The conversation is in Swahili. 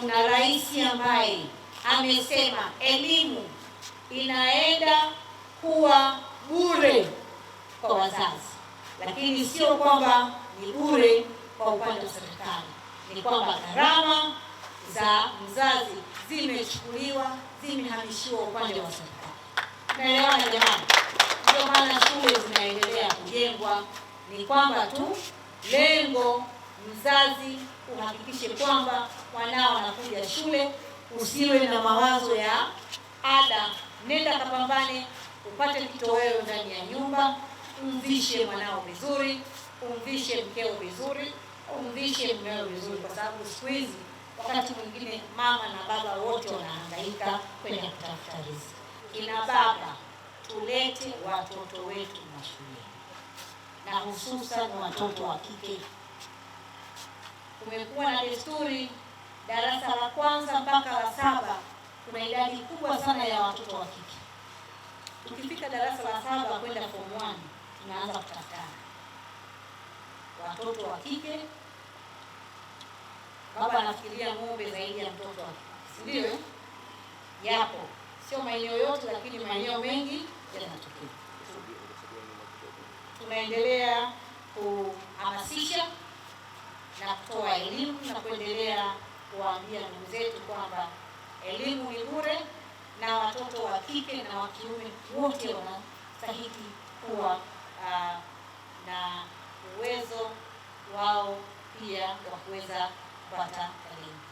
tuna rais ambaye amesema elimu inaenda kuwa bure kwa wazazi, lakini sio kwamba ni bure kwa upande wa serikali, ni kwamba gharama za mzazi zimechukuliwa, zimehamishiwa upande wa serikali. Naelewana jamani? Ndio maana shule zinaendelea kujengwa, ni kwamba tu lengo mzazi uhakikishe kwamba mwanao anakuja shule. Usiwe na mawazo ya ada, nenda kapambane, upate kitoweo ndani ya nyumba. Umvishe mwanao vizuri, umvishe mkeo vizuri, umvishe mmeo vizuri, kwa sababu siku hizi wakati mwingine mama na baba wote wanahangaika kwenda kutafuta riziki. Kina baba, tulete watoto wetu mashuleni na hususan watoto wa kike kumekuwa na desturi darasa la kwanza mpaka la saba kuna idadi kubwa sana ya watoto wa kike. Tukifika darasa la saba kwenda form 1 tunaanza kutafutana watoto wa kike. Baba anafikiria ng'ombe zaidi ya mtoto wa kike, si ndio? Yapo, sio maeneo yote, lakini maeneo mengi yanatokea. Tunaendelea kuhamasisha na kutoa elimu na kuendelea kuwaambia ndugu zetu kwamba elimu ni bure na watoto wa kike na wa kiume wote wanastahili kuwa uh, na uwezo wao pia wa kuweza kupata elimu.